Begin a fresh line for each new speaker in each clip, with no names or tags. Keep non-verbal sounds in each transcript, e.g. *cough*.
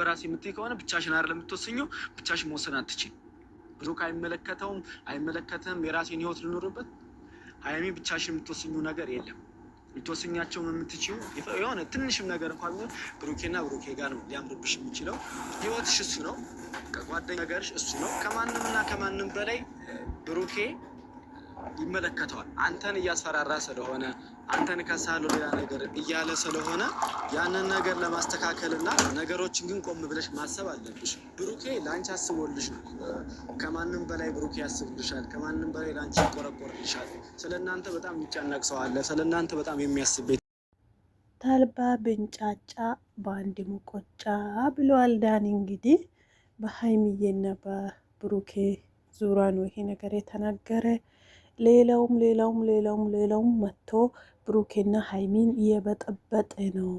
በራሴ የምትይ ከሆነ ብቻሽን አይደለም የምትወስኙ፣ ብቻሽ መወሰን አትችይም። ብሩክ አይመለከተውም፣ አይመለከትም። የራሴን ህይወት ልኖርበት። ሀይሚ ብቻሽን የምትወስኙ ነገር የለም። ልትወስኛቸው የምትችው የሆነ ትንሽም ነገር እንኳን ቢሆን ብሩኬና ብሩኬ ጋር ነው ሊያምርብሽ የሚችለው። ህይወትሽ እሱ ነው፣ ከጓደኛ ነገርሽ እሱ ነው። ከማንም እና ከማንም በላይ ብሩኬ ይመለከተዋል። አንተን እያስፈራራ ስለሆነ አንተን ከሳሉ ሌላ ነገር እያለ ስለሆነ ያንን ነገር ለማስተካከልና ነገሮችን ግን ቆም ብለሽ ማሰብ አለብሽ። ብሩኬ ለአንቺ አስቦልሽ ከማንም በላይ ብሩኬ ያስብልሻል። ከማንም በላይ ለአንቺ ይቆረቆርልሻል። ስለ እናንተ በጣም የሚጨነቅ ሰው አለ። ስለ እናንተ በጣም የሚያስብ ቤት
ተልባ ብንጫጫ በአንድ ሙቆጫ ብለዋል ዳኒ። እንግዲህ በሀይሚዬና በብሩኬ ዙራ ነው ይሄ ነገር የተናገረ ሌላውም ሌላውም ሌላውም ሌላውም መጥቶ ብሩኬና ሀይሚን እየበጠበጠ ነው።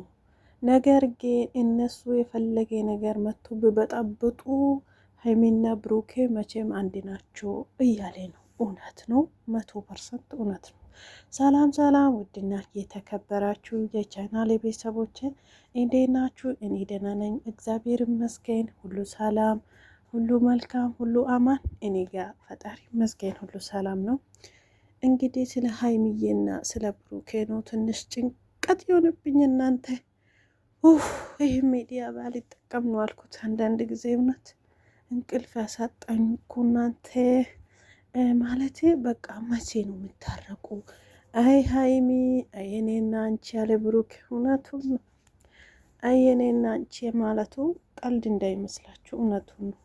ነገር ግን እነሱ የፈለገ ነገር መጥቶ ብበጣብጡ ሀይሚና ብሩኬ መቼም አንድ ናቸው እያለ ነው። እውነት ነው፣ መቶ ፐርሰንት እውነት ነው። ሰላም ሰላም፣ ውድና የተከበራችሁ የቻናል ቤተሰቦችን እንዴት ናችሁ? እኔ ደህና ነኝ፣ እግዚአብሔር ይመስገን፣ ሁሉ ሰላም ሁሉ መልካም፣ ሁሉ አማን። እኔ ጋ ፈጣሪ መስገን ሁሉ ሰላም ነው። እንግዲህ ስለ ሀይሚዬና ስለ ብሩኬ ነው ትንሽ ጭንቀት የሆነብኝ እናንተ። ይህ ሚዲያ ባልጠቀም ነው አልኩት። አንዳንድ ጊዜ እውነት እንቅልፍ ያሳጣኝ እኮ እናንተ። ማለት በቃ መቼ ነው የምታረቁ? አይ ሀይሚ አየኔና አንቺ ያለ ብሩክ እውነቱን አየኔና አንቺ ማለቱ ቀልድ እንዳይመስላችሁ እውነቱን ነው።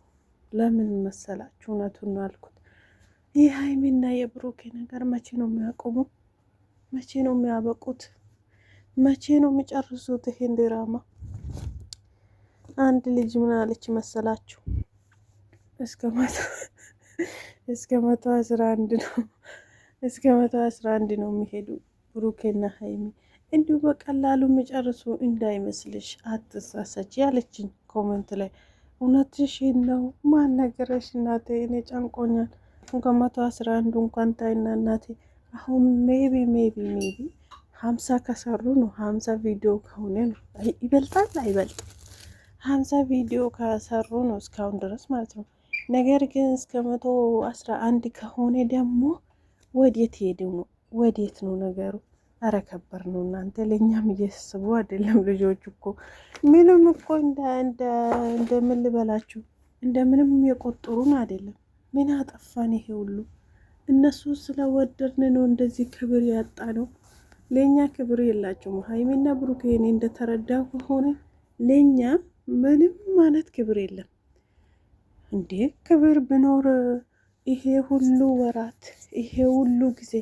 ለምን መሰላችሁ? እውነቱን ነው አልኩት። ይህ ሀይሚና የብሩኬ ነገር መቼ ነው የሚያቆሙ? መቼ ነው የሚያበቁት? መቼ ነው የሚጨርሱት ይሄን ድራማ? አንድ ልጅ ምን አለች መሰላችሁ? እስከ መቶ *laughs* አስራ አንድ ነው *laughs* እስከ መቶ አስራ አንድ ነው የሚሄዱ ብሩኬና ሀይሚ እንዲሁ በቀላሉ የሚጨርሱ እንዳይመስልሽ፣ አትሳሳች ያለችን ኮመንት ላይ እውነትሽን ነው? ማን ነገረሽ እናቴ? እኔ ጨንቆኛል። ከመቶ አስራ አንዱ እንኳን ታይና እናቴ አሁን ሜቢ ሜቢ ሜቢ ሀምሳ ከሰሩ ነው ሀምሳ ቪዲዮ ከሆነ ነው ይበልጣል አይበልጥም ሀምሳ ቪዲዮ ከሰሩ ነው እስካሁን ድረስ ማለት ነው። ነገር ግን እስከ መቶ አስራ አንድ ከሆነ ደግሞ ወዴት ሄድ ነው ወዴት ነው ነገሩ? አረ ከበር ነው እናንተ። ለእኛም እየስቡ አይደለም ልጆች እኮ ምንም እኮ እንደምን ልበላችሁ እንደምንም የቆጠሩን አይደለም። ምን አጠፋን? ይሄ ሁሉ እነሱ ስለወደድን ነው እንደዚህ ክብር ያጣ ነው። ለእኛ ክብር የላቸውም። ሀይሜና ብሩክ እኔ እንደተረዳ ከሆነ ለእኛ ምንም ማለት ክብር የለም እንዴ! ክብር ብኖር ይሄ ሁሉ ወራት ይሄ ሁሉ ጊዜ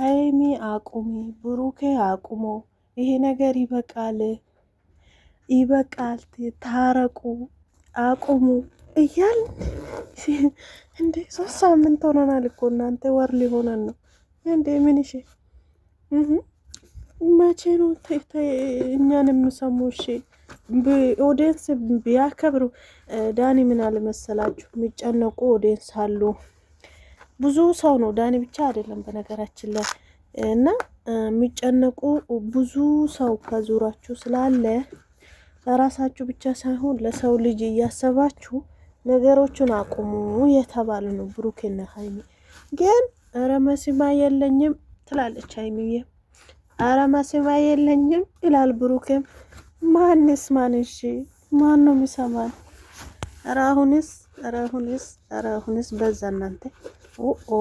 ሀይሚ አቁሚ፣ ብሩኬ አቁሞ፣ ይሄ ነገር ይበቃል፣ ይበቃል፣ ታረቁ፣ አቁሙ እያል *laughs* እንዴ ሶስት ሳምንት ሆነናል እኮ እናንተ፣ ወር ሊሆነን ነው እንዴ? ምን ሽ መቼ ነው እኛን የምሰሙ? እሺ ኦዲየንስ ቢያከብሩ ዳኒ ምን አለመሰላችሁ፣ የሚጨነቁ ኦዲየንስ አሉ። ብዙ ሰው ነው ዳኒ ብቻ አይደለም በነገራችን ላይ እና የሚጨነቁ ብዙ ሰው ከዙራችሁ ስላለ ለራሳችሁ ብቻ ሳይሆን ለሰው ልጅ እያሰባችሁ ነገሮቹን አቁሙ የተባለ ነው። ብሩኬና ሀይሚ ግን ኧረ የለኝም ትላለች ሀይሚዬ፣ ኧረ የለኝም ይላል ብሩኬም። ማንስ ማን እሺ ማን ነው የሚሰማን? ኧረ አሁንስ ኧረ አሁንስ አሁንስ በዛ እናንተ ኦ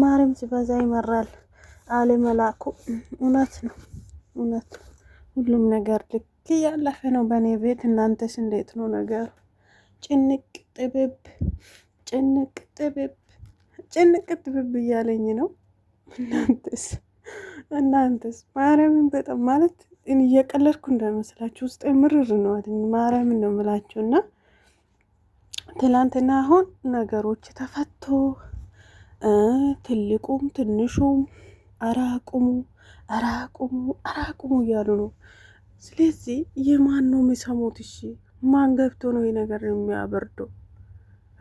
ማርም ሲበዛ ይመራል አለ መላኩ። እውነት ነው፣ እውነት ነው። ሁሉም ነገር ልክ እያለፈ ነው በእኔ ቤት። እናንተስ እንዴት ነው ነገሩ? ጭንቅ ጥብብ፣ ጭንቅ ጥብብ፣ ጭንቅ ጥብብ እያለኝ ነው። እናንተስ እናንተስ ማርያምን በጣም ማለት እየቀለድኩ እንዳይመስላችሁ ውስጥ ምርር ነው አለኝ። ማርያምን ነው ምላችሁ እና ትላንትና አሁን ነገሮች ተፈቶ ትልቁም ትንሹም አራቁሙ አራቁሙ አራቁሙ እያሉ ነው። ስለዚህ የማን ነው የሚሰሙት? እሺ ማን ገብቶ ነው ይህ ነገር የሚያበርደው?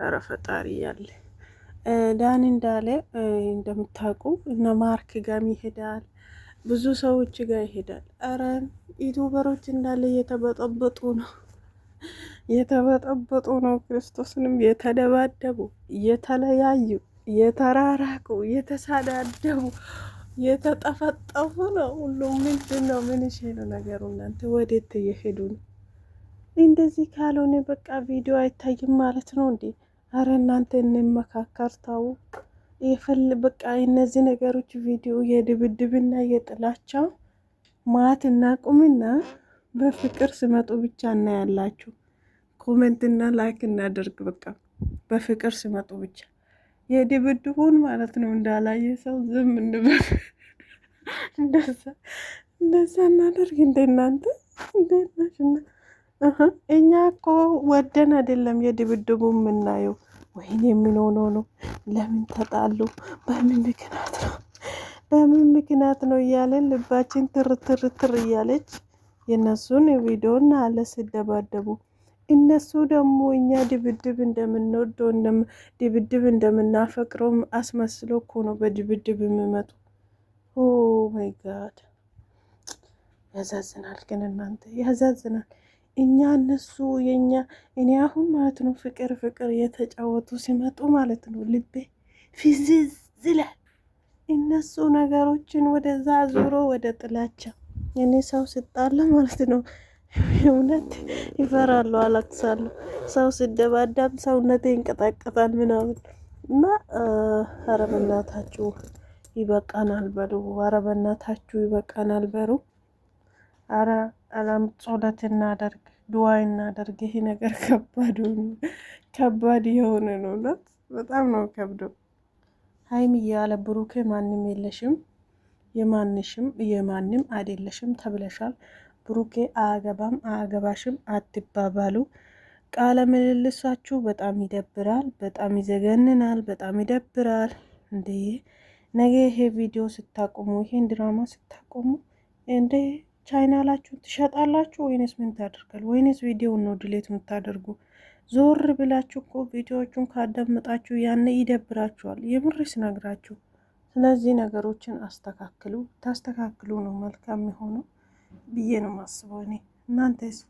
ኧረ ፈጣሪ ያለ ዳን እንዳለ እንደምታውቁ እነ ማርክ ጋም ይሄዳል፣ ብዙ ሰዎች ጋር ይሄዳል። አረን ዩቱበሮች እንዳለ እየተበጠበጡ ነው። የተበጠበጡ ነው። ክርስቶስንም የተደባደቡ፣ የተለያዩ፣ የተራራቁ፣ የተሳዳደቡ፣ የተጠፈጠፉ ነው። ሁሉም ምንድን ነው? ምን ነው ነገሩ? እናንተ ወዴት እየሄዱ ነው? እንደዚህ ካልሆነ በቃ ቪዲዮ አይታይም ማለት ነው እንዴ? አረ እናንተ እንመካከር ታው የፈል በቃ እነዚህ ነገሮች ቪዲዮ የድብድብና የጥላቻው ማት እናቁምና ቁምና በፍቅር ስመጡ ብቻ እናያላችሁ። ኮሜንትና ላይክ እናደርግ። በቃ በፍቅር ሲመጡ ብቻ የድብድቡን ማለት ነው እንዳላየ ሰው ዝም እንበል። እንደዛ እናደርግ። እንደ እናንተ እኛ እኮ ወደን አይደለም የድብድቡ የምናየው። ወይን የምንሆነው ነው፣ ለምን ተጣሉ፣ በምን ምክንያት ነው በምን ምክንያት ነው እያለን ልባችን ትር እያለች የእነሱን ቪዲዮና አለ ሲደባደቡ እነሱ ደግሞ እኛ ድብድብ እንደምንወደው ድብድብ እንደምናፈቅረው አስመስሎ እኮ ነው በድብድብ የሚመጡ። ኦ ማይ ጋድ ያዛዝናል። ግን እናንተ ያዛዝናል። እኛ እነሱ የኛ እኔ አሁን ማለት ነው ፍቅር ፍቅር የተጫወቱ ሲመጡ ማለት ነው ልቤ ፊዝዝ ይላል። እነሱ ነገሮችን ወደዛ ዙሮ ወደ ጥላቻ እኔ ሰው ስጣለ ማለት ነው እውነት ይፈራሉ፣ አላክሳሉ። ሰው ስደባዳም ሰውነት ይንቀጠቀጣል ምናምን እና ኧረ በእናታችሁ ይበቃናል በሉ። ኧረ በእናታችሁ ይበቃናል በሉ። ኧረ አላም ጾለት እናደርግ፣ ድዋ እናደርግ። ይሄ ነገር ከባድ ከባድ የሆነ ነው። እውነት በጣም ነው ከብዶ። ሀይም እያለ ብሩኬ ማንም የለሽም፣ የማንሽም የማንም አይደለሽም ተብለሻል። ብሩኬ አያገባም አያገባሽም አትባባሉ። ቃለ ምልልሳችሁ በጣም ይደብራል፣ በጣም ይዘገንናል፣ በጣም ይደብራል። እንዴ ነገ ይሄ ቪዲዮ ስታቆሙ፣ ይሄን ድራማ ስታቆሙ እንዴ ቻይናላችሁን ትሸጣላችሁ ወይንስ ምን ታደርጋል? ወይንስ ቪዲዮውን ነው ድሌት የምታደርጉ? ዞር ብላችሁ እኮ ቪዲዮዎቹን ካዳመጣችሁ ያነ ይደብራችኋል። የምር ስነግራችሁ። ስለዚህ ነገሮችን አስተካክሉ። ታስተካክሉ ነው መልካም የሆነው። Bien más mas bueno nantes